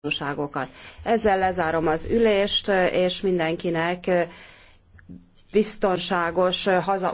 tulajdonságokat. Ezzel lezárom az ülést, és mindenkinek biztonságos haza